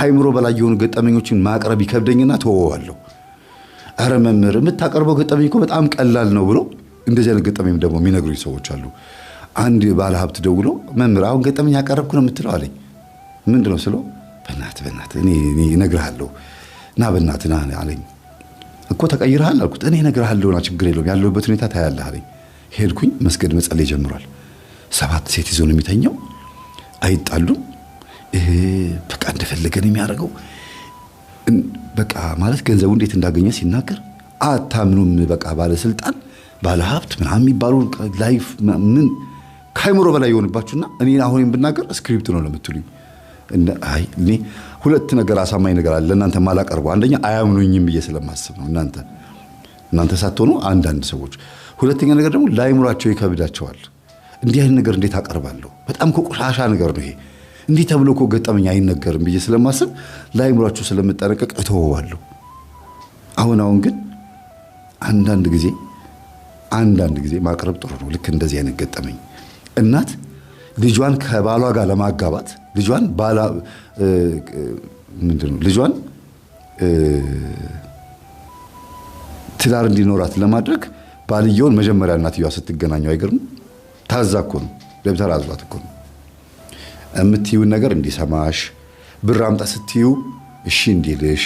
ከአይምሮ በላይ የሆኑ ገጠመኞችን ማቅረብ ይከብደኝና ተወዋለሁ። አረ መምህር የምታቀርበው ገጠመኝ እኮ በጣም ቀላል ነው ብሎ እንደዚህ አይነት ገጠመኝ ደግሞ የሚነግሩኝ ሰዎች አሉ። አንድ ባለሀብት ደውሎ መምህር አሁን ገጠመኝ ያቀረብኩ ነው የምትለው አለኝ። ምንድን ነው ስለው በእናትህ በእናትህ እኔ እነግርሃለሁ ና በእናትህ ና አለኝ። እኮ ተቀይረሃል አልኩት። እኔ እነግርሃለሁ ና ችግር የለውም ያለሁበት ሁኔታ ታያለህ አለኝ። ሄድኩኝ መስገድ መጸለይ ጀምሯል። ሰባት ሴት ይዞ ነው የሚተኛው። አይጣሉም በቃ እንደፈለገን የሚያደርገው በቃ ማለት ገንዘቡ እንዴት እንዳገኘ ሲናገር አታምኑም። በቃ ባለስልጣን ባለሀብት ምናምን የሚባሉ ላይፍ ምን ከአይምሮ በላይ የሆንባችሁና እኔ አሁን ብናገር ስክሪፕት ነው ለምትሉኝ እኔ ሁለት ነገር አሳማኝ ነገር አለ ለእናንተ ማላቀርቡ አንደኛ አያምኑኝም ብዬ ስለማስብ ነው እናንተ እናንተ ሳትሆኑ አንዳንድ ሰዎች። ሁለተኛ ነገር ደግሞ ለአይምሯቸው ይከብዳቸዋል። እንዲህ አይነት ነገር እንዴት አቀርባለሁ? በጣም ከቆሻሻ ነገር ነው ይሄ። እንዲህ ተብሎ እኮ ገጠመኝ አይነገርም ብዬ ስለማስብ ለአይምሯችሁ ስለምጠነቀቅ እተወዋለሁ። አሁን አሁን ግን አንዳንድ ጊዜ አንዳንድ ጊዜ ማቅረብ ጥሩ ነው። ልክ እንደዚህ አይነት ገጠመኝ እናት ልጇን ከባሏ ጋር ለማጋባት ልጇን ባላ ምንድን ነው ልጇን ትዳር እንዲኖራት ለማድረግ ባልየውን መጀመሪያ እናትየዋ ስትገናኘው አይገርም ታዛ እኮ ነው ደብተር አዟት እኮ ነው የምትዩን ነገር እንዲሰማሽ፣ ብር አምጣ ስትዩ እሺ እንዲልሽ፣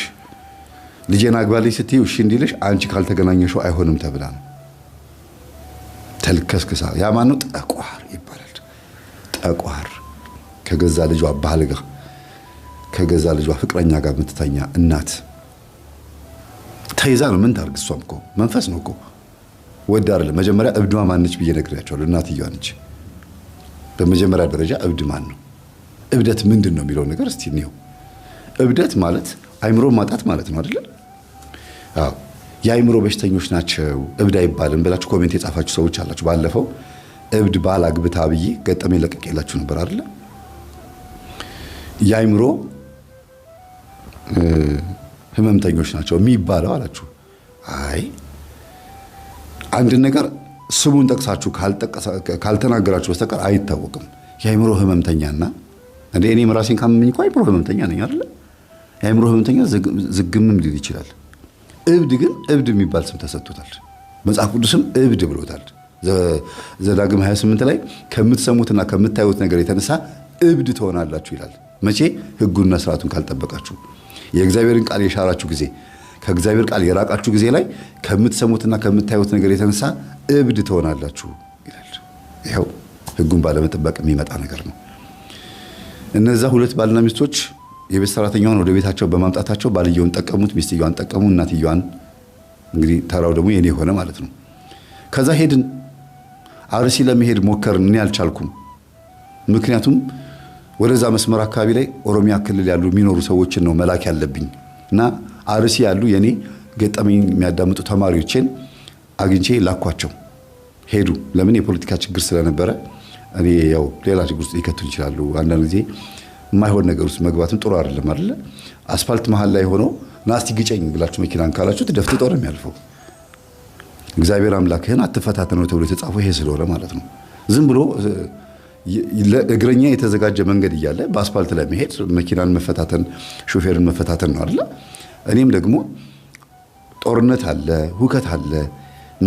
ልጄን አግባልኝ ስትዩ እሺ እንዲልሽ፣ አንቺ ካልተገናኘሽው አይሆንም ተብላ ነው። ተልከስክሳ ያ ማነው? ጠቋር ይባላል። ጠቋር ከገዛ ልጇ ባል ጋር ከገዛ ልጇ ፍቅረኛ ጋር የምትተኛ እናት ተይዛ ነው። ምን ታርግ? እሷም እኮ መንፈስ ነው እኮ ወድ አይደለም። መጀመሪያ እብድማ ማነች ብዬ ነግሬያቸዋለሁ። እናትየዋ ነች። በመጀመሪያ ደረጃ እብድ ማን ነው? እብደት ምንድን ነው የሚለው ነገር እስቲ እንየው። እብደት ማለት አይምሮ ማጣት ማለት ነው አይደለ? አዎ የአይምሮ በሽተኞች ናቸው እብድ አይባልም ብላችሁ ኮሜንት የጻፋችሁ ሰዎች አላችሁ። ባለፈው እብድ ባል አግብታ ብዬ ገጠሜ ለቀቅ የላችሁ ነበር አይደለ? የአይምሮ ህመምተኞች ናቸው የሚባለው አላችሁ። አይ አንድን ነገር ስሙን ጠቅሳችሁ ካልተናገራችሁ በስተቀር አይታወቅም። የአይምሮ ህመምተኛና እንደ እኔም ራሴን ካመመኝ እኮ አይምሮ ህመምተኛ ነኝ አይደለ? የአይምሮ ህመምተኛ ዝግምም ሊል ይችላል። እብድ ግን እብድ የሚባል ስም ተሰጥቶታል። መጽሐፍ ቅዱስም እብድ ብሎታል። ዘዳግም 28 ላይ ከምትሰሙትና ከምታዩት ነገር የተነሳ እብድ ትሆናላችሁ ይላል። መቼ? ህጉንና ስርዓቱን ካልጠበቃችሁ፣ የእግዚአብሔርን ቃል የሻራችሁ ጊዜ፣ ከእግዚአብሔር ቃል የራቃችሁ ጊዜ ላይ ከምትሰሙትና ከምታዩት ነገር የተነሳ እብድ ትሆናላችሁ ይላል። ይኸው ህጉን ባለመጠበቅ የሚመጣ ነገር ነው። እነዛ ሁለት ባልና ሚስቶች የቤት ሰራተኛዋን ወደ ቤታቸው በማምጣታቸው ባልየውን ጠቀሙት፣ ሚስትየዋን ጠቀሙ፣ እናትየዋን። እንግዲህ ተራው ደግሞ የኔ ሆነ ማለት ነው። ከዛ ሄድን፣ አርሲ ለመሄድ ሞከርን። እኔ አልቻልኩም። ምክንያቱም ወደዛ መስመር አካባቢ ላይ ኦሮሚያ ክልል ያሉ የሚኖሩ ሰዎችን ነው መላክ ያለብኝ እና አርሲ ያሉ የኔ ገጠመኝ የሚያዳምጡ ተማሪዎቼን አግኝቼ ላኳቸው። ሄዱ። ለምን የፖለቲካ ችግር ስለነበረ እኔ ያው ሌላ ችግር ውስጥ ሊከቱ ይችላሉ። አንዳንድ ጊዜ የማይሆን ነገር ውስጥ መግባትም ጥሩ አይደለም አይደለ? አስፋልት መሀል ላይ ሆኖ ናስቲ ግጨኝ ብላችሁ መኪናን ካላችሁት ትደፍት ጦር የሚያልፈው እግዚአብሔር አምላክህን አትፈታተነው ተብሎ የተጻፈው ይሄ ስለሆነ ማለት ነው። ዝም ብሎ ለእግረኛ የተዘጋጀ መንገድ እያለ በአስፋልት ላይ መሄድ መኪናን መፈታተን፣ ሾፌርን መፈታተን ነው አይደለ? እኔም ደግሞ ጦርነት አለ፣ ሁከት አለ፣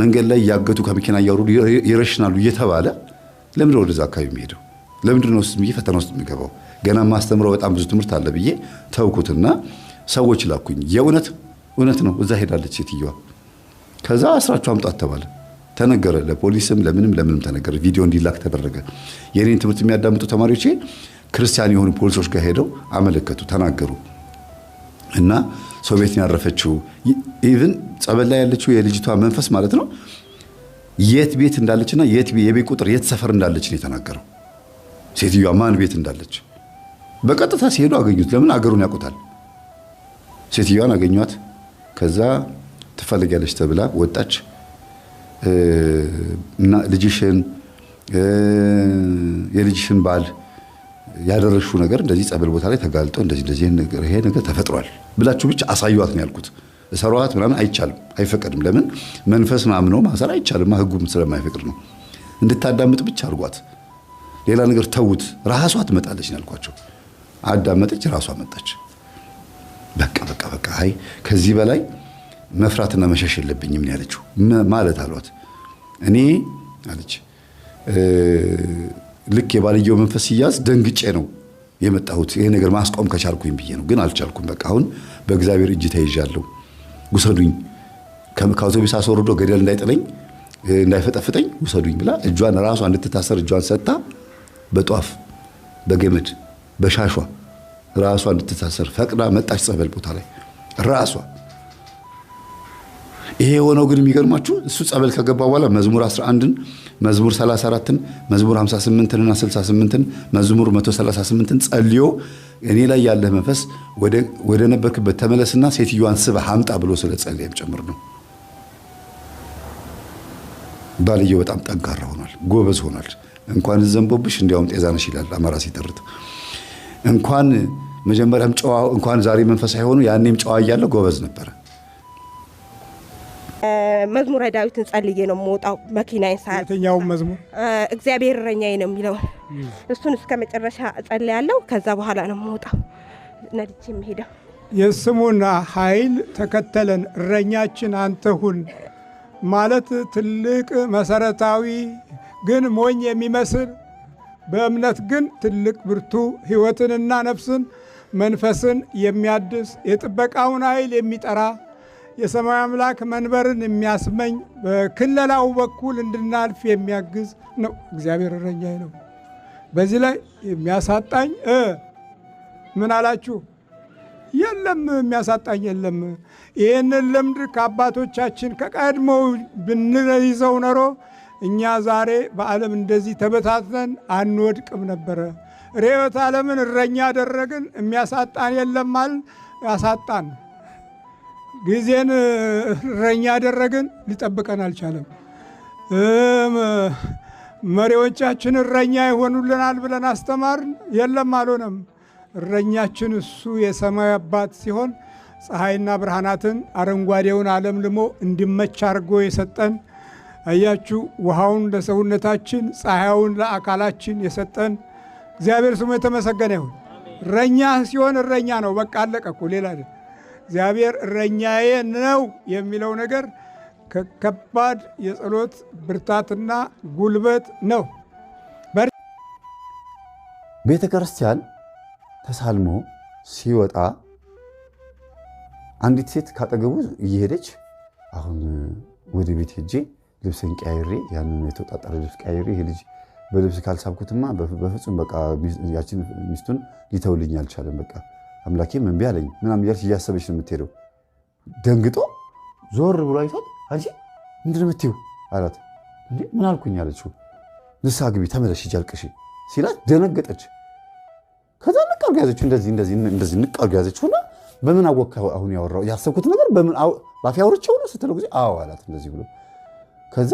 መንገድ ላይ እያገቱ ከመኪና እያወሩ ይረሽናሉ እየተባለ ለምንድን ወደዛ አካባቢ የሚሄደው? ለምንድን ነው ውስጥ ፈተና ውስጥ የሚገባው? ገና ማስተምረው በጣም ብዙ ትምህርት አለ ብዬ ተውኩትና ሰዎች ላኩኝ። የእውነት እውነት ነው እዛ ሄዳለች ሴትዮዋ። ከዛ አስራችሁ አምጣት ተባለ። ተነገረ፣ ለፖሊስም ለምንም ለምንም ተነገረ። ቪዲዮ እንዲላክ ተደረገ። የኔን ትምህርት የሚያዳምጡ ተማሪዎች ክርስቲያን የሆኑ ፖሊሶች ጋር ሄደው አመለከቱ፣ ተናገሩ እና ሰው ቤት ያረፈችው ኢቭን ጸበል ላይ ያለችው የልጅቷ መንፈስ ማለት ነው የት ቤት እንዳለችና የት የቤት ቁጥር የት ሰፈር እንዳለች ነው የተናገረው። ሴትዮዋ ማን ቤት እንዳለች በቀጥታ ሲሄዱ አገኙት። ለምን አገሩን ያውቁታል። ሴትዮዋን አገኟት። ከዛ ትፈልጊያለች ተብላ ወጣች እና ልጅሽን የልጅሽን ባል ያደረሹ ነገር እንደዚህ ጸበል ቦታ ላይ ተጋልጦ እንደዚህ እንደዚህ ይሄ ነገር ተፈጥሯል ብላችሁ ብቻ አሳዩዋት ነው ያልኩት። ሰሯት ምናምን አይቻልም፣ አይፈቀድም። ለምን መንፈስ አምኖ ማሰር አይቻልም፣ ህጉም ስለማይፈቅድ ነው። እንድታዳምጥ ብቻ አድርጓት፣ ሌላ ነገር ተዉት። ራሷ ትመጣለች ያልኳቸው፣ አዳመጠች፣ ራሷ መጣች። በቃ በቃ በቃ፣ አይ ከዚህ በላይ መፍራትና መሸሽ የለብኝም ነው ያለችው። ማለት አሏት እኔ አለች ልክ የባልየው መንፈስ ሲያዝ ደንግጬ ነው የመጣሁት። ይሄ ነገር ማስቆም ከቻልኩኝ ብዬ ነው፣ ግን አልቻልኩም። በቃ አሁን በእግዚአብሔር እጅ ተይዣለሁ። ውሰዱኝ፣ ከአውቶቢስ አስወርዶ ገደል እንዳይጥለኝ እንዳይፈጠፍጠኝ ውሰዱኝ ብላ እጇን ራሷ እንድትታሰር እጇን ሰጥታ በጧፍ በገመድ በሻሿ ራሷ እንድትታሰር ፈቅዳ መጣች። ጸበል ቦታ ላይ ራሷ ይሄ የሆነው ግን የሚገርማችሁ እሱ ጸበል ከገባ በኋላ መዝሙር 11ን መዝሙር 34ን መዝሙር 58ንና 68ን መዝሙር 138ን ጸልዮ እኔ ላይ ያለህ መንፈስ ወደ ነበርክበት ተመለስና ሴትዮዋን ስበ ሀምጣ ብሎ ስለ ጸለየም ጭምር ነው። ባልየው በጣም ጠንካራ ሆኗል፣ ጎበዝ ሆኗል። እንኳን ዘንቦብሽ እንዲያውም ጤዛነሽ ይላል አማራ ሲጠርት እንኳን መጀመሪያም ጨዋ እንኳን ዛሬ መንፈሳዊ ሆኑ ያኔም ጨዋ እያለ ጎበዝ ነበረ። መዝሙረ ዳዊትን ጸልዬ ነው የምወጣው። መኪናዬን ሳ የትኛው መዝሙር እግዚአብሔር እረኛዬ ነው የሚለው እሱን እስከ መጨረሻ ጸልያለሁ። ከዛ በኋላ ነው የምወጣው ነድቼ የምሄደው። የስሙና ኃይል ተከተለን እረኛችን አንተሁን ማለት ትልቅ መሰረታዊ ግን ሞኝ የሚመስል በእምነት ግን ትልቅ ብርቱ ሕይወትንና ነፍስን መንፈስን የሚያድስ የጥበቃውን ኃይል የሚጠራ የሰማይ አምላክ መንበርን የሚያስመኝ በክለላው በኩል እንድናልፍ የሚያግዝ ነው። እግዚአብሔር እረኛዬ ነው። በዚህ ላይ የሚያሳጣኝ ምን አላችሁ? የለም የሚያሳጣኝ የለም። ይህንን ልምድ ከአባቶቻችን ከቀድሞ ብንይዘው ኖሮ እኛ ዛሬ በዓለም እንደዚህ ተበታትነን አንወድቅም ነበረ። ርዕዮተ ዓለምን እረኛ አደረግን። የሚያሳጣን የለም አል ያሳጣን ጊዜን እረኛ ያደረግን ሊጠብቀን አልቻለም። መሪዎቻችን እረኛ ይሆኑልናል ብለን አስተማርን፣ የለም አልሆነም። እረኛችን እሱ የሰማይ አባት ሲሆን ፀሐይና ብርሃናትን አረንጓዴውን ዓለም ልሞ እንዲመች አድርጎ የሰጠን አያችሁ፣ ውሃውን ለሰውነታችን ፀሐያውን ለአካላችን የሰጠን እግዚአብሔር ስሙ የተመሰገነ ይሁን። እረኛ ሲሆን እረኛ ነው። በቃ አለቀ እኮ ሌላ እግዚአብሔር እረኛዬ ነው የሚለው ነገር ከባድ የጸሎት ብርታትና ጉልበት ነው። ቤተ ክርስቲያን ተሳልሞ ሲወጣ አንዲት ሴት ካጠገቡ እየሄደች አሁን ወደ ቤት ሄጄ ልብስን ቀያይሬ ያንን የተወጣጠረ ልብስ ቀያይሬ ይሄ ልጅ በልብስ ካልሳብኩትማ በፍጹም በቃ ያችን ሚስቱን ሊተውልኝ አልቻለም በቃ አምላኬም እምቢ አለኝ ምናምን እያልሽ እያሰበች ነው የምትሄደው። ደንግጦ ዞር ብሎ አይቷት አንቺ ምንድን ነው የምትይው አላት። ምን አልኩኝ አለችው። ንስሓ ግቢ ተመለሽ ሂጂ አልቅሺ ሲላት ደነገጠች። ከዛ ንቅ አድርጋ ያዘችው፣ እንደዚህ እንደዚህ እንደዚህ ንቅ አድርጋ ያዘችውና በምን አወቅ አሁን ያወራው ያሰብኩት ነገር በምን ባፊ አውርቼው ነው ስትለው ጊዜ አዎ አላት እንደዚህ ብሎ ከዛ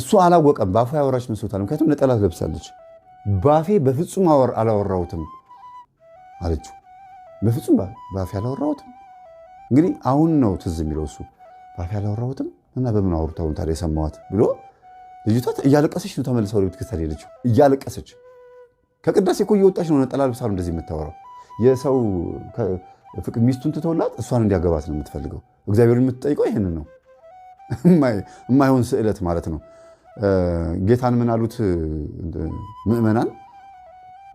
እሱ አላወቀም። በአፉ ያወራች መስሎታል። ምክንያቱም ነጠላት ለብሳለች። ባፌ በፍጹም አላወራሁትም አለችው። በፍጹም በአፍ ያላወራሁትም። እንግዲህ አሁን ነው ትዝ የሚለው እሱ በአፍ ያላወራሁትም እና በምን አውርታውን ታዲያ የሰማኋት ብሎ ልጅቷ እያለቀሰች ነው ተመልሰው ወደ ቤተክርስቲያን ሄደችው። እያለቀሰች ከቅዳሴ እኮ እየወጣች ነው ነጠላ ልብሳ እንደዚህ የምታወራው። የሰው ሚስቱን ትተውላት እሷን እንዲያገባት ነው የምትፈልገው። እግዚአብሔር የምትጠይቀው ይህንን ነው። የማይሆን ስዕለት ማለት ነው። ጌታን ምን አሉት ምእመናን?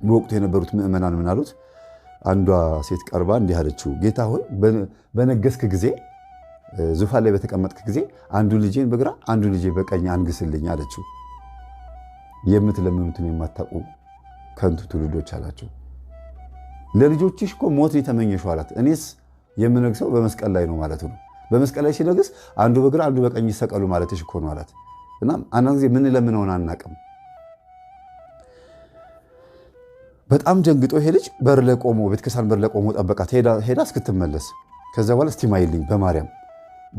በወቅቱ የነበሩት ምእመናን ምን አሉት? አንዷ ሴት ቀርባ እንዲህ አለችው፣ ጌታ ሆይ በነገስክ ጊዜ ዙፋን ላይ በተቀመጥክ ጊዜ አንዱ ልጄን በግራ አንዱ ልጄ በቀኝ አንግስልኝ አለችው። የምትለምኑትን የማታውቁ ከንቱ ትውልዶች አላቸው። ለልጆችሽ እኮ ሞት የተመኘሹ አላት። እኔስ የምነግሰው በመስቀል ላይ ነው ማለት ነው። በመስቀል ላይ ሲነግስ አንዱ በግራ አንዱ በቀኝ ይሰቀሉ ማለትሽ እኮ ነው አላት። እናም አንዳንድ ጊዜ ምን ለምነውን አናቅም። በጣም ጀንግጦ ይሄ ልጅ በር ላይ ቆሞ ቤተክርስቲያን በር ላይ ቆሞ ጠበቃት፣ ሄዳ እስክትመለስ። ከዛ በኋላ እስቲማይልኝ በማርያም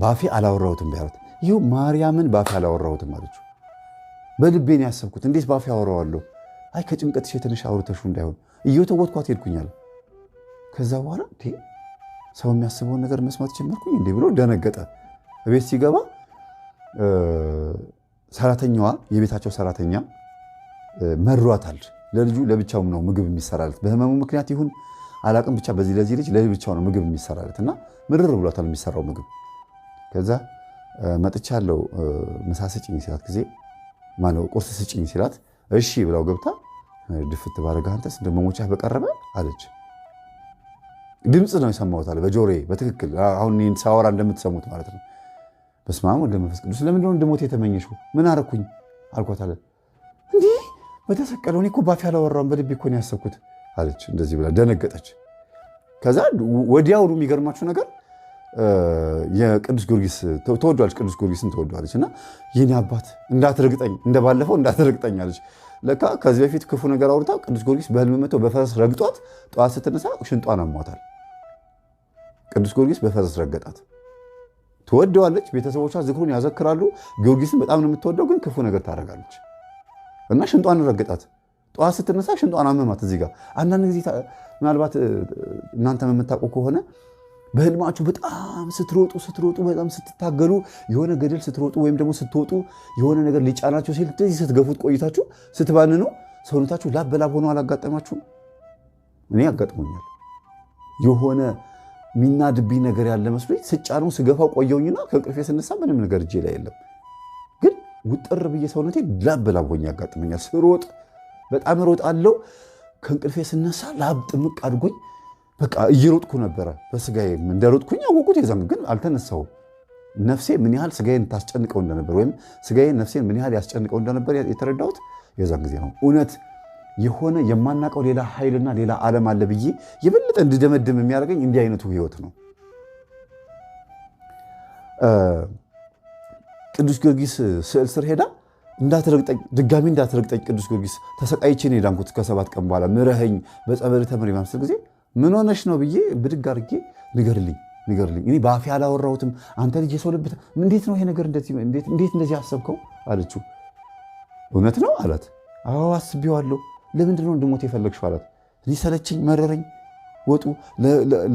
ባፌ አላወራሁትም ቢያለት፣ ይህ ማርያምን ባፌ አላወራሁትም አለችው። በልቤን ያሰብኩት እንዴት ባፌ አወራዋለሁ? አይ ከጭንቀት የተነሽ አውርተሹ እንዳይሆን እየተወትኳት ሄድኩኛል። ከዛ በኋላ ሰው የሚያስበውን ነገር መስማት ጀመርኩኝ እንዲህ ብሎ ደነገጠ። ቤት ሲገባ ሰራተኛዋ የቤታቸው ሰራተኛ መሯታል። ለልጁ ለብቻው ነው ምግብ የሚሰራለት። በህመሙ ምክንያት ይሁን አላቅም፣ ብቻ በዚህ ለዚህ ልጅ ለብቻው ነው ምግብ የሚሰራለት እና ምርር ብሏታል የሚሰራው ምግብ። ከዛ መጥቻ ያለው ምሳ ስጭኝ ሲላት ጊዜ ማነው ቁርስ ስጭኝ ሲላት እሺ ብላው ገብታ ድፍት ባረጋ አንተስ እንደ መሞቻ በቀረበ አለች። ድምፅ ነው የሰማሁት አለ በጆሮዬ በትክክል አሁን ሳወራ እንደምትሰሙት ማለት ነው። በስመ አብ ወወልድ ወመንፈስ ቅዱስ ለምንድነው እንደሞት የተመኘሽው? ምን አረኩኝ አልኳት አለ እንዲህ በተሰቀለው እኔ እኮ ባፌ አላወራሁም በልቤ እኮ ነው ያሰብኩት አለች። እንደዚህ ብላ ደነገጠች። ከዛ ወዲያውኑ የሚገርማችሁ ነገር የቅዱስ ጊዮርጊስ ተወዷለች፣ ቅዱስ ጊዮርጊስን ተወዷለች። እና ይህኔ አባት እንዳትረግጠኝ እንደባለፈው እንዳትረግጠኝ አለች። ለካ ከዚህ በፊት ክፉ ነገር አውርታ ቅዱስ ጊዮርጊስ በህልም መቶ በፈረስ ረግጧት ጠዋት ስትነሳ ሽንጧን አሟታል። ቅዱስ ጊዮርጊስ በፈረስ ረገጣት። ትወደዋለች፣ ቤተሰቦቿ ዝክሩን ያዘክራሉ። ጊዮርጊስን በጣም ነው የምትወደው፣ ግን ክፉ ነገር ታደርጋለች። እና ሽንጧን ረገጣት። ጠዋት ስትነሳ ሽንጧን አመማት። እዚህ ጋር አንዳንድ ጊዜ ምናልባት እናንተ የምታውቁ ከሆነ በህልማችሁ በጣም ስትሮጡ ስትሮጡ በጣም ስትታገሉ የሆነ ገደል ስትሮጡ ወይም ደግሞ ስትወጡ የሆነ ነገር ሊጫናችሁ ሲል እንደዚህ ስትገፉት ቆይታችሁ ስትባንኑ ሰውነታችሁ ላብ በላብ ሆኖ አላጋጠማችሁም? እኔ አጋጥሞኛል። የሆነ ሚናድቢ ነገር ያለ መስሎኝ ስጫነው ስገፋው ቆየውኝና ከእንቅልፌ ስነሳ ምንም ነገር እጄ ላይ የለም። ውጥር ብዬ ሰውነቴ ላብ ላቦኝ ያጋጥመኛል። ስሮጥ በጣም ሮጥ አለው። ከእንቅልፌ ስነሳ ላብ ጥምቅ አድጎኝ በቃ እየሮጥኩ ነበረ። በስጋዬ እንደሮጥኩኝ አወቁት። የዛም ግን አልተነሳሁም። ነፍሴ ምን ያህል ስጋዬን ታስጨንቀው እንደነበር ወይም ስጋዬን ነፍሴን ምን ያህል ያስጨንቀው እንደነበር የተረዳሁት የዛን ጊዜ ነው። እውነት የሆነ የማናውቀው ሌላ ኃይልና ሌላ ዓለም አለ ብዬ የበለጠ እንድደመድም የሚያደርገኝ እንዲህ አይነቱ ህይወት ነው። ቅዱስ ጊዮርጊስ ስዕል ስር ሄዳ ድጋሚ እንዳትረግጠኝ ቅዱስ ጊዮርጊስ ተሰቃይቼ ነው የዳንኩት። ከሰባት ቀን በኋላ ምረኸኝ በጸበል ተምር ማምስል ጊዜ ምን ሆነሽ ነው ብዬ ብድግ አድርጌ ንገርልኝ ንገርልኝ እኔ በአፌ አላወራሁትም። አንተ ልጅ የሰው ልብት እንዴት ነው ይሄ ነገር እንዴት እንደዚህ አሰብከው አለችው። እውነት ነው አላት። አዎ አስቤዋለሁ። ለምንድን ነው እንድሞት የፈለግሽው አላት። እኔ ሰለችኝ፣ መረረኝ ወጡ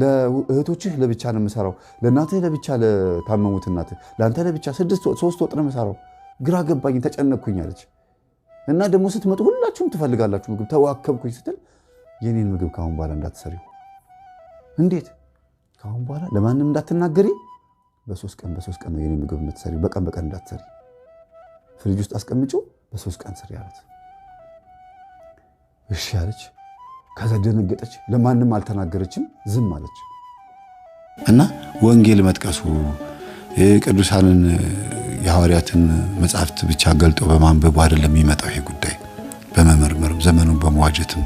ለእህቶችህ ለብቻ ነው የምሰራው፣ ለእናትህ ለብቻ፣ ለታመሙት እናት፣ ለአንተ ለብቻ ሶስት ወጥ ነው የምሰራው። ግራ ገባኝ፣ ተጨነኩኝ አለች እና ደግሞ ስትመጡ ሁላችሁም ትፈልጋላችሁ ምግብ ተዋከብኩኝ ስትል የኔን ምግብ ከአሁን በኋላ እንዳትሰሪው። እንዴት? ከአሁን በኋላ ለማንም እንዳትናገሪ። በሶስት ቀን በሶስት ቀን ነው የኔን ምግብ የምትሰሪ በቀን በቀን እንዳትሰሪ፣ ፍሪጅ ውስጥ አስቀምጪው፣ በሶስት ቀን ስሪ አላት። እሺ አለች። ከዛ ደነገጠች። ለማንም አልተናገረችም፣ ዝም አለች እና ወንጌል መጥቀሱ ቅዱሳንን የሐዋርያትን መጽሐፍት ብቻ ገልጦ በማንበቡ አይደለም የሚመጣው ይሄ ጉዳይ በመመርመርም ዘመኑን በመዋጀትም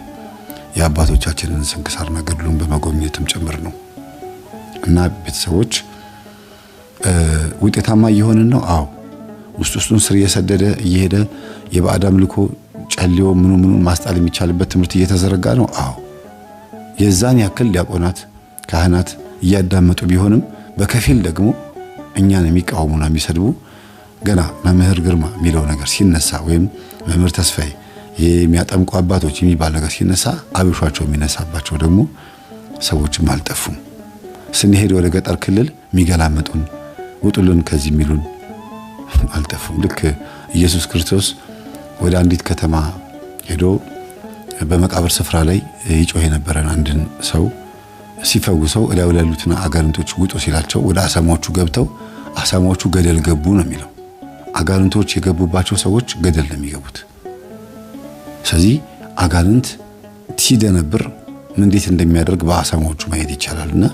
የአባቶቻችንን ስንክሳርና ገድሉን በመጎብኘትም ጭምር ነው እና ቤተሰቦች ውጤታማ እየሆንን ነው። አዎ ውስጥ ውስጡን ስር እየሰደደ እየሄደ የባዕድ አምልኮ ጨሌው ምኑ ምኑ ማስጣል የሚቻልበት ትምህርት እየተዘረጋ ነው። አዎ የዛን ያክል ዲያቆናት፣ ካህናት እያዳመጡ ቢሆንም በከፊል ደግሞ እኛን የሚቃወሙና የሚሰድቡ ገና መምህር ግርማ የሚለው ነገር ሲነሳ ወይም መምህር ተስፋዬ የሚያጠምቁ አባቶች የሚባል ነገር ሲነሳ አብሿቸው የሚነሳባቸው ደግሞ ሰዎችም አልጠፉም። ስንሄድ ወደ ገጠር ክልል የሚገላመጡን ውጡልን ከዚህ የሚሉን አልጠፉም። ልክ ኢየሱስ ክርስቶስ ወደ አንዲት ከተማ ሄዶ በመቃብር ስፍራ ላይ ይጮህ የነበረን አንድን ሰው ሲፈውሰው እላዩ ላይ ያሉትን አጋንንቶች ውጡ ሲላቸው ወደ አሳማዎቹ ገብተው አሳማዎቹ ገደል ገቡ ነው የሚለው። አጋንንቶች የገቡባቸው ሰዎች ገደል ነው የሚገቡት። ስለዚህ አጋንንት ሲደነብር እንዴት እንደሚያደርግ በአሳማዎቹ ማየት ይቻላል። እና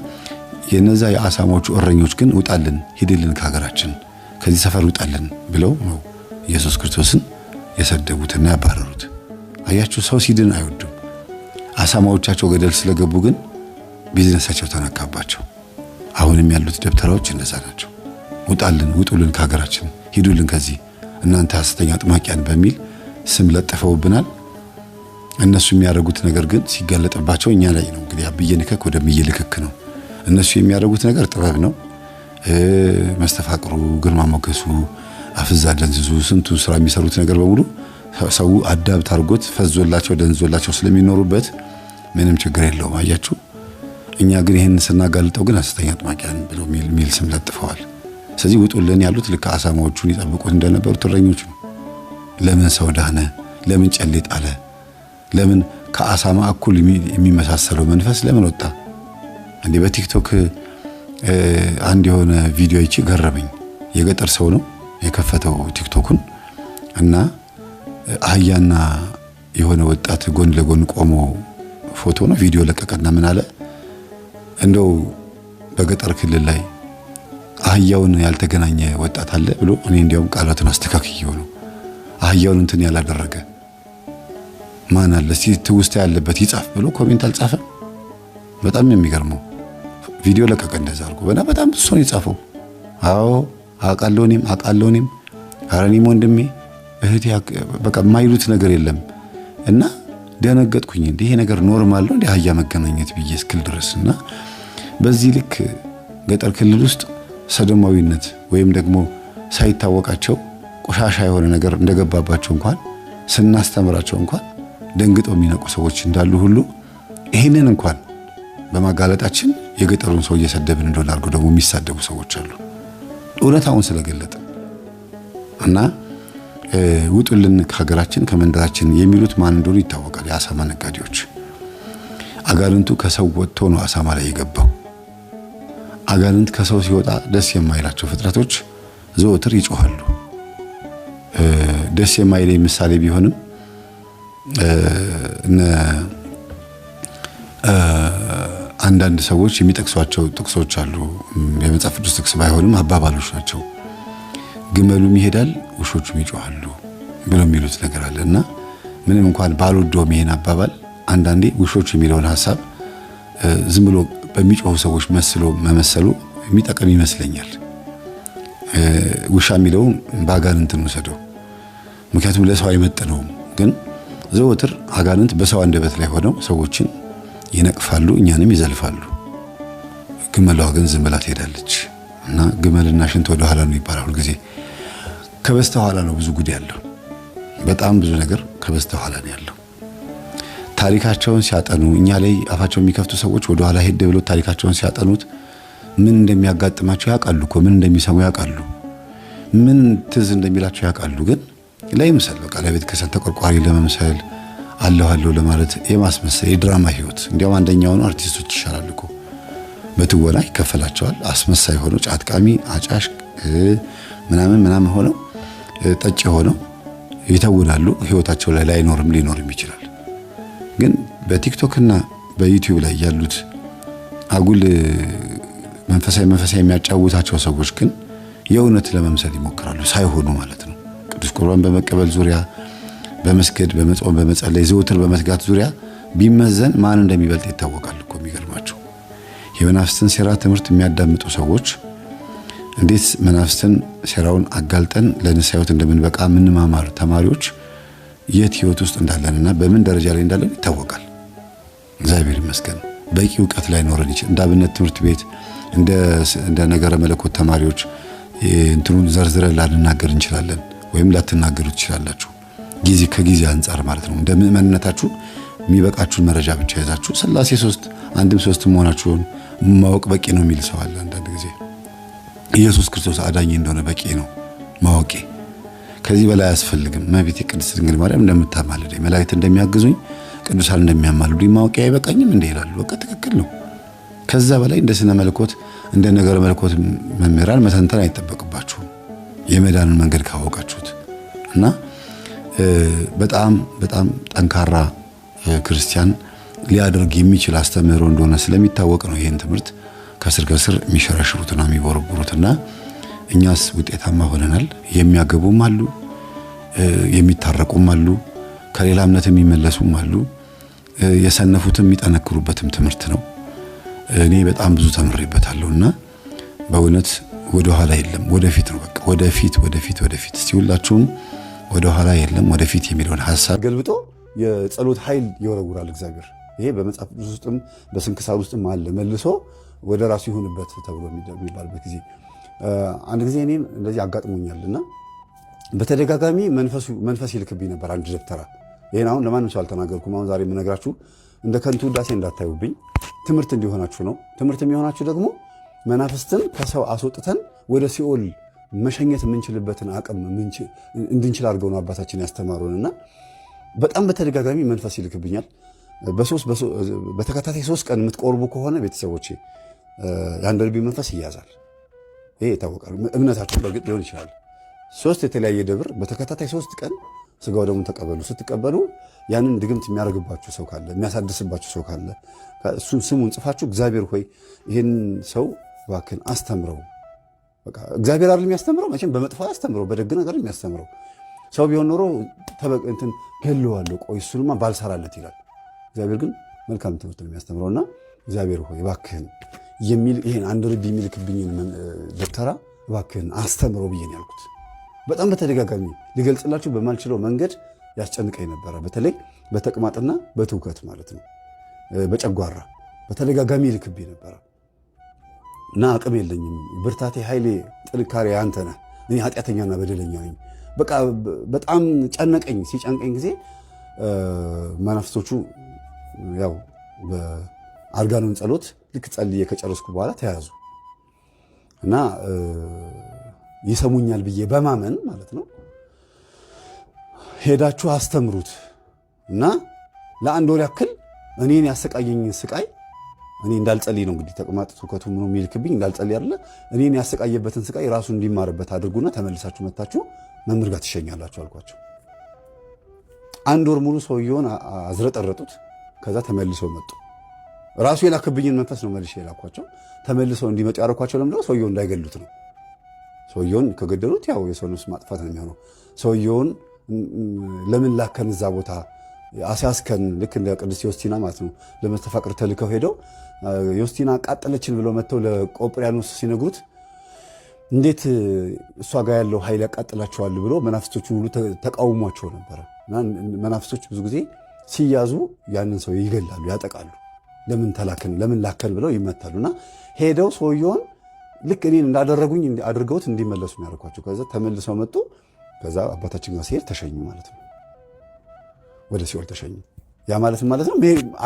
የነዛ የአሳማዎቹ እረኞች ግን ውጣልን፣ ሂድልን፣ ከሀገራችን ከዚህ ሰፈር ውጣልን ብለው ነው ኢየሱስ ክርስቶስን የሰደቡትና ያባረሩት። አያችሁ፣ ሰው ሲድን አይወዱም። አሳማዎቻቸው ገደል ስለገቡ ግን ቢዝነሳቸው ተነካባቸው። አሁንም ያሉት ደብተራዎች እነዛ ናቸው። ውጣልን፣ ውጡልን፣ ከሀገራችን ሂዱልን፣ ከዚህ እናንተ ሐሰተኛ አጥማቂያን በሚል ስም ለጥፈውብናል። እነሱ የሚያደርጉት ነገር ግን ሲጋለጥባቸው እኛ ላይ ነው። እንግዲህ አብዬ ንከክ ወደ ምዬ ልክክ ነው። እነሱ የሚያደርጉት ነገር ጥበብ ነው። መስተፋቅሩ፣ ግርማ ሞገሱ አፍዛ ደንዝዙ ስንቱ ስራ የሚሰሩት ነገር በሙሉ ሰው አዳብት አድርጎት ፈዞላቸው ደንዝዞላቸው ስለሚኖሩበት ምንም ችግር የለውም። አያችሁ፣ እኛ ግን ይህን ስናጋልጠው ግን አስተኛ አጥማቂያን ብሎ ሚል ስም ለጥፈዋል። ስለዚህ ውጡልን ያሉት ልክ አሳማዎቹን ይጠብቁት እንደነበሩት እረኞች ነው። ለምን ሰው ዳነ? ለምን ጨሌ ጣለ? ለምን ከአሳማ እኩል የሚመሳሰለው መንፈስ ለምን ወጣ? እንዲህ በቲክቶክ አንድ የሆነ ቪዲዮ አይቼ ገረመኝ። የገጠር ሰው ነው የከፈተው ቲክቶኩን እና አህያና የሆነ ወጣት ጎን ለጎን ቆሞ ፎቶ ነው ቪዲዮ ለቀቀና ምን አለ እንደው በገጠር ክልል ላይ አህያውን ያልተገናኘ ወጣት አለ ብሎ እኔ እንዲያውም ቃላቱን አስተካክየው ነው አህያውን እንትን ያላደረገ ማን አለ ትውስታ ያለበት ይጻፍ ብሎ ኮሜንት አልጻፈ። በጣም የሚገርመው ቪዲዮ ለቀቀ እንደዛ አድርጎ በና በጣም ብዙ ሰው የጻፈው አዎ አውቃለሁ እኔም አውቃለሁ ወንድሜ እህቴ በቃ የማይሉት ነገር የለም እና ደነገጥኩኝ። እንዲህ ይሄ ነገር ኖርማል ነው እንዲህ አህያ መገናኘት ብዬ እስክል ድረስ እና በዚህ ልክ ገጠር ክልል ውስጥ ሰዶማዊነት ወይም ደግሞ ሳይታወቃቸው ቆሻሻ የሆነ ነገር እንደገባባቸው እንኳን ስናስተምራቸው እንኳን ደንግጠው የሚነቁ ሰዎች እንዳሉ ሁሉ ይህንን እንኳን በማጋለጣችን የገጠሩን ሰው እየሰደብን እንደሆነ አድርገው ደግሞ የሚሳደቡ ሰዎች አሉ። እውነታውን ስለገለጠ እና ውጡልን ከሀገራችን ከመንደራችን የሚሉት ማን እንደሆኑ ይታወቃል። የአሳማ ነጋዴዎች አጋንንቱ ከሰው ወጥቶ ነው አሳማ ላይ የገባው። አጋንንት ከሰው ሲወጣ ደስ የማይላቸው ፍጥረቶች ዘወትር ይጮኋሉ። ደስ የማይለኝ ምሳሌ ቢሆንም አንዳንድ ሰዎች የሚጠቅሷቸው ጥቅሶች አሉ። የመጽሐፍ ቅዱስ ጥቅስ ባይሆንም አባባሎች ናቸው። ግመሉም ይሄዳል ውሾቹም ይጮሃሉ ብሎ የሚሉት ነገር አለ እና ምንም እንኳን ባልወደውም ይሄን አባባል አንዳንዴ ውሾች የሚለውን ሀሳብ ዝም ብሎ በሚጮሁ ሰዎች መስሎ መመሰሉ የሚጠቅም ይመስለኛል። ውሻ የሚለውን በአጋንንትን ውሰደው፣ ምክንያቱም ለሰው አይመጥነውም። ግን ዘወትር አጋንንት በሰው አንደበት ላይ ሆነው ሰዎችን ይነቅፋሉ፣ እኛንም ይዘልፋሉ። ግመሏ ግን ዝም ብላ ትሄዳለች እና ግመልና ሽንት ወደ ኋላ ነው ይባላል። ሁልጊዜ ከበስተ ኋላ ነው ብዙ ጉድ ያለው። በጣም ብዙ ነገር ከበስተ ኋላ ነው ያለው። ታሪካቸውን ሲያጠኑ እኛ ላይ አፋቸው የሚከፍቱ ሰዎች ወደ ኋላ ሄድ ብለው ታሪካቸውን ሲያጠኑት ምን እንደሚያጋጥማቸው ያውቃሉ እኮ ምን እንደሚሰሙ ያውቃሉ፣ ምን ትዝ እንደሚላቸው ያውቃሉ። ግን ምሰል በቃ ለቤተክርስቲያን ተቆርቋሪ ለመምሰል አለሁ አለሁ ለማለት የማስመሰል የድራማ ህይወት። እንዲያውም አንደኛውኑ አርቲስቶች ይሻላል እኮ በትወና ይከፈላቸዋል። አስመሳይ ሆነው ጫትቃሚ፣ አጫሽ ምናምን ምናምን ሆነው ጠጭ ሆነው ይተውናሉ። ህይወታቸው ላይ ላይኖርም ሊኖርም ይችላል። ግን በቲክቶክና በዩቲዩብ ላይ ያሉት አጉል መንፈሳዊ መንፈሳዊ የሚያጫውታቸው ሰዎች ግን የእውነት ለመምሰል ይሞክራሉ፣ ሳይሆኑ ማለት ነው። ቅዱስ ቁርባን በመቀበል ዙሪያ በመስገድ በመጾም በመጸለይ ዘውትር በመስጋት ዙሪያ ቢመዘን ማን እንደሚበልጥ ይታወቃል እኮ። የሚገርማቸው የመናፍስትን ሴራ ትምህርት የሚያዳምጡ ሰዎች እንዴት መናፍስትን ሴራውን አጋልጠን ለንስሐ ሕይወት እንደምንበቃ ምንማማር ተማሪዎች የት ሕይወት ውስጥ እንዳለንና በምን ደረጃ ላይ እንዳለን ይታወቃል። እግዚአብሔር ይመስገን በቂ እውቀት ኖረን ይችል እንደ አብነት ትምህርት ቤት እንደ ነገረ መለኮት ተማሪዎች እንትኑን ዘርዝረን ላንናገር እንችላለን፣ ወይም ላትናገሩ ትችላላችሁ። ጊዜ ከጊዜ አንጻር ማለት ነው። እንደ ምዕመንነታችሁ የሚበቃችሁን መረጃ ብቻ ይዛችሁ ስላሴ ሶስት አንድም ሶስት መሆናችሁን ማወቅ በቂ ነው የሚል ሰው አለ። አንዳንድ ጊዜ ኢየሱስ ክርስቶስ አዳኝ እንደሆነ በቂ ነው ማወቄ፣ ከዚህ በላይ አያስፈልግም። መቤት ቅድስት ድንግል ማርያም እንደምታማልደኝ፣ መላእክት እንደሚያግዙኝ፣ ቅዱሳን እንደሚያማልዱኝ ማወቂ አይበቃኝም እንዲህ ይላሉ። በቃ ትክክል ነው። ከዛ በላይ እንደ ስነ መለኮት እንደ ነገረ መለኮት መምህራን መተንተን አይጠበቅባችሁም የመዳንን መንገድ ካወቃችሁት እና በጣም በጣም ጠንካራ ክርስቲያን ሊያደርግ የሚችል አስተምህሮ እንደሆነ ስለሚታወቅ ነው ይህን ትምህርት ከስር ከስር የሚሸረሽሩትና የሚቦረቡሩትና እኛስ ውጤታማ ሆነናል። የሚያገቡም አሉ፣ የሚታረቁም አሉ፣ ከሌላ እምነት የሚመለሱም አሉ። የሰነፉትም የሚጠነክሩበትም ትምህርት ነው። እኔ በጣም ብዙ ተምሬበታለሁ እና በእውነት ወደኋላ የለም ወደፊት ነው በቃ ወደፊት ወደፊት ወደፊት እስቲ ወደ ኋላ የለም ወደፊት የሚለውን ሀሳብ ገልብጦ የጸሎት ኃይል ይወረውራል እግዚአብሔር። ይሄ በመጽሐፍ ቅዱስ ውስጥም በስንክሳር ውስጥም አለ። መልሶ ወደ ራሱ ይሁንበት ተብሎ የሚባልበት ጊዜ አንድ ጊዜ እኔም እንደዚህ አጋጥሞኛል እና በተደጋጋሚ መንፈስ ይልክብኝ ነበር አንድ ደብተራ። ይህን አሁን ለማንም ሰው አልተናገርኩም። አሁን ዛሬ የምነግራችሁ እንደ ከንቱ ውዳሴ እንዳታዩብኝ ትምህርት እንዲሆናችሁ ነው። ትምህርት የሚሆናችሁ ደግሞ መናፍስትን ከሰው አስወጥተን ወደ ሲኦል መሸኘት የምንችልበትን አቅም እንድንችል አድርገው ነው አባታችን ያስተማሩን እና በጣም በተደጋጋሚ መንፈስ ይልክብኛል። በተከታታይ ሶስት ቀን የምትቆርቡ ከሆነ ቤተሰቦች የአንድ መንፈስ ይያዛል። ይሄ ይታወቃል። እምነታችሁ በእርግጥ ሊሆን ይችላል። ሶስት የተለያየ ደብር በተከታታይ ሶስት ቀን ስጋው ደግሞ ተቀበሉ። ስትቀበሉ ያንን ድግምት የሚያደርግባችሁ ሰው ካለ የሚያሳድስባችሁ ሰው ካለ እሱን ስሙን ጽፋችሁ እግዚአብሔር ሆይ ይህን ሰው እባክህን አስተምረው በቃ እግዚአብሔር አይደል የሚያስተምረው መቼም በመጥፎ ያስተምረው በደግ ነገር የሚያስተምረው ሰው ቢሆን ኖሮ እንትን ገለዋለሁ ቆይ እሱንማ ባልሰራለት ይላል። እግዚአብሔር ግን መልካም ትምህርት ነው የሚያስተምረው። እና እግዚአብሔር ሆይ እባክህን የሚል ይሄን አንድ ርድ የሚልክብኝን ደብተራ እባክህን አስተምረው ብዬን ያልኩት በጣም በተደጋጋሚ ሊገልጽላችሁ በማልችለው መንገድ ያስጨንቀኝ ነበረ። በተለይ በተቅማጥና በትውከት ማለት ነው፣ በጨጓራ በተደጋጋሚ ይልክብኝ ነበረ። እና አቅም የለኝም። ብርታቴ፣ ኃይሌ፣ ጥንካሬ አንተ ነህ። እኔ ኃጢአተኛና በደለኛ ነኝ። በቃ በጣም ጨነቀኝ። ሲጨንቀኝ ጊዜ መናፍስቶቹ ያው በአርጋኖን ጸሎት ልክ ጸልዬ ከጨረስኩ በኋላ ተያዙ እና ይሰሙኛል ብዬ በማመን ማለት ነው ሄዳችሁ አስተምሩት እና ለአንድ ወር ያክል እኔን ያሰቃየኝ ስቃይ እኔ እንዳልጸልይ ነው እንግዲህ ተቅማጥ ትውከቱ ምኑ የሚልክብኝ እንዳልጸልይ አይደለ። እኔን ያሰቃየበትን ስቃይ ራሱን እንዲማርበት አድርጉና ተመልሳችሁ መታችሁ መምህር ጋር ትሸኛላችሁ አልኳቸው። አንድ ወር ሙሉ ሰውየውን አዝረጠረጡት። ከዛ ተመልሰው መጡ። ራሱ የላክብኝን መንፈስ ነው መልሼ የላኳቸው። ተመልሰው እንዲመጡ ያደረኳቸው ለምደ ሰውየውን እንዳይገሉት ነው። ሰውየውን ከገደሉት ያው የሰው ነፍስ ማጥፋት ነው የሚሆነው። ሰውየውን ለምን ላከን እዛ ቦታ አስያዝከን? ልክ እንደ ቅድስት ዮስቲና ማለት ነው ለመስተፋቅር ተልከው ሄደው ዮስቲና አቃጠለችን ብለው መጥተው ለቆጵሪያኖስ ሲነግሩት እንዴት እሷ ጋር ያለው ኃይል ያቃጥላቸዋል ብሎ መናፍስቶቹን ሁሉ ተቃውሟቸው ነበረ። መናፍስቶች ብዙ ጊዜ ሲያዙ ያንን ሰው ይገላሉ፣ ያጠቃሉ። ለምን ተላክን ለምን ላከን ብለው ይመታሉ። እና ሄደው ሰውየውን ልክ እኔን እንዳደረጉኝ አድርገውት እንዲመለሱ ያደርጓቸው። ከዛ ተመልሰው መጡ። ከዛ አባታችን ጋር ሲሄድ ተሸኙ ማለት ነው። ወደ ሲኦል ተሸኙ። ያ ማለት ማለት ነው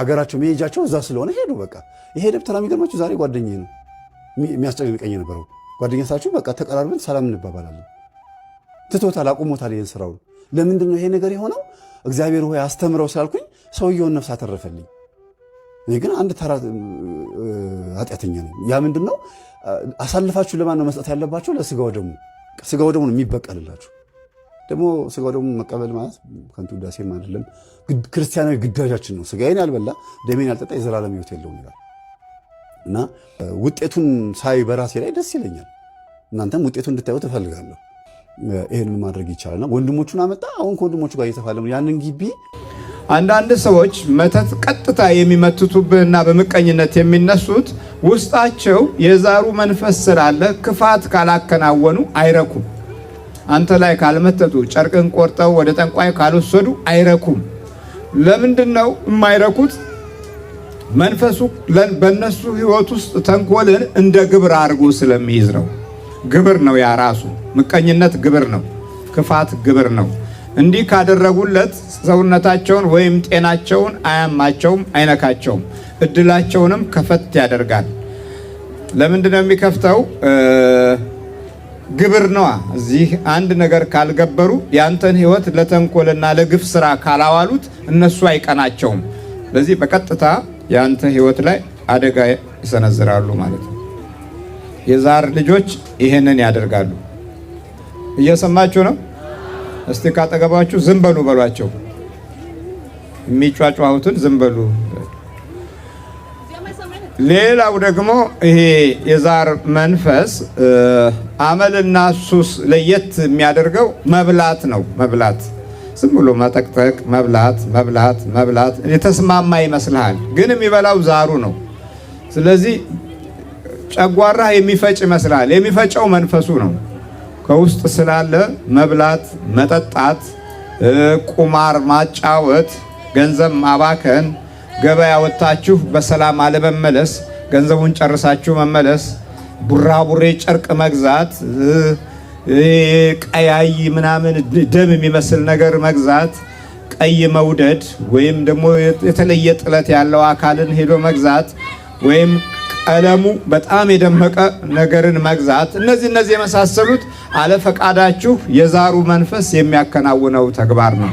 አገራቸው መሄጃቸው እዛ ስለሆነ ሄዱ። በቃ ይሄ ደብተራ የሚገርማችሁ ዛሬ ጓደኛዬ ነው የሚያስጨንቀኝ የነበረው ጓደኛ ሳችሁ በቃ ተቀራርበን ሰላም እንባባላለን። ትቶታል፣ አቁሞታል ይህን ስራው። ለምንድን ነው ይሄ ነገር የሆነው? እግዚአብሔር ሆይ አስተምረው ስላልኩኝ ሰውየውን ነፍስ አተረፈልኝ። እኔ ግን አንድ ተራ ኃጢአተኛ ነኝ። ያ ምንድን ነው አሳልፋችሁ ለማን ነው መስጠት ያለባችሁ? ለስጋው ደግሞ ስጋው ደግሞ ነው የሚበቀልላችሁ ደግሞ ስጋው ደግሞ መቀበል ማለት ከንቱ ውዳሴም አይደለም፣ ክርስቲያናዊ ግዳጃችን ነው። ስጋዬን ያልበላ ደሜን ያልጠጣ የዘላለም ሕይወት የለውም ይላል እና ውጤቱን ሳይ በራሴ ላይ ደስ ይለኛል። እናንተም ውጤቱ እንድታዩ እፈልጋለሁ። ይህንን ማድረግ ይቻላልና ወንድሞቹን አመጣ። አሁን ከወንድሞቹ ጋር እየተፋለሙ ያንን ግቢ አንዳንድ ሰዎች መተት ቀጥታ የሚመትቱብህና በምቀኝነት የሚነሱት ውስጣቸው የዛሩ መንፈስ ስላለ ክፋት ካላከናወኑ አይረኩም። አንተ ላይ ካልመተቱ ጨርቅን ቆርጠው ወደ ጠንቋይ ካልወሰዱ አይረኩም። ለምንድን ነው የማይረኩት? መንፈሱ በእነሱ ህይወት ውስጥ ተንኮልን እንደ ግብር አድርጎ ስለሚይዝ ነው። ግብር ነው ያ ራሱ። ምቀኝነት ግብር ነው። ክፋት ግብር ነው። እንዲህ ካደረጉለት ሰውነታቸውን ወይም ጤናቸውን አያማቸውም፣ አይነካቸውም። እድላቸውንም ከፈት ያደርጋል። ለምንድን ነው የሚከፍተው? ግብር ነዋ። እዚህ አንድ ነገር ካልገበሩ ያንተን ህይወት ለተንኮልና ለግፍ ስራ ካላዋሉት እነሱ አይቀናቸውም። ስለዚህ በቀጥታ ያንተ ህይወት ላይ አደጋ ይሰነዝራሉ ማለት ነው። የዛር ልጆች ይህንን ያደርጋሉ። እየሰማችሁ ነው? እስቲ ካጠገባችሁ ዝም በሉ በሏቸው። የሚጫጫሁትን ዝም በሉ። ሌላው ደግሞ ይሄ የዛር መንፈስ አመልና ሱስ ለየት የሚያደርገው መብላት ነው። መብላት ዝም ብሎ መጠቅጠቅ፣ መብላት መብላት መብላት የተስማማ ይመስልሃል፣ ግን የሚበላው ዛሩ ነው። ስለዚህ ጨጓራህ የሚፈጭ ይመስልሃል፣ የሚፈጨው መንፈሱ ነው። ከውስጥ ስላለ መብላት፣ መጠጣት፣ ቁማር ማጫወት፣ ገንዘብ ማባከን ገበያ ወጥታችሁ በሰላም አለመመለስ፣ ገንዘቡን ጨርሳችሁ መመለስ፣ ቡራቡሬ ጨርቅ መግዛት፣ ቀያይ ምናምን ደም የሚመስል ነገር መግዛት፣ ቀይ መውደድ ወይም ደግሞ የተለየ ጥለት ያለው አካልን ሄዶ መግዛት ወይም ቀለሙ በጣም የደመቀ ነገርን መግዛት፣ እነዚህ እነዚህ የመሳሰሉት አለፈቃዳችሁ የዛሩ መንፈስ የሚያከናውነው ተግባር ነው።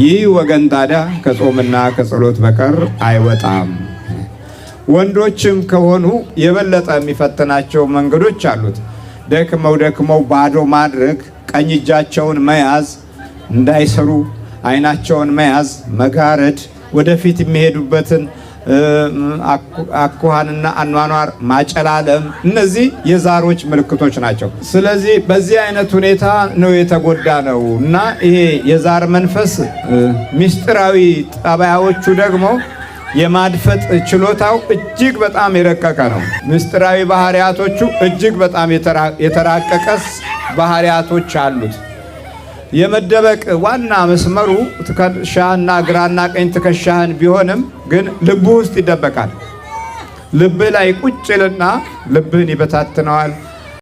ይህ ወገን ታዲያ ከጾምና ከጸሎት በቀር አይወጣም። ወንዶችም ከሆኑ የበለጠ የሚፈትናቸው መንገዶች አሉት። ደክመው ደክመው ባዶ ማድረግ፣ ቀኝ እጃቸውን መያዝ፣ እንዳይሰሩ አይናቸውን መያዝ፣ መጋረድ፣ ወደፊት የሚሄዱበትን አኳኋንና አኗኗር ማጨላለም፣ እነዚህ የዛሮች ምልክቶች ናቸው። ስለዚህ በዚህ አይነት ሁኔታ ነው የተጎዳ ነው እና ይሄ የዛር መንፈስ ሚስጢራዊ ጠባያዎቹ ደግሞ የማድፈጥ ችሎታው እጅግ በጣም የረቀቀ ነው። ምስጢራዊ ባህሪያቶቹ እጅግ በጣም የተራቀቀስ ባህሪያቶች አሉት። የመደበቅ ዋና መስመሩ ትከሻና ግራና ቀኝ ትከሻህን ቢሆንም ግን ልብህ ውስጥ ይደበቃል። ልብህ ላይ ቁጭልና ልብህን ይበታትነዋል።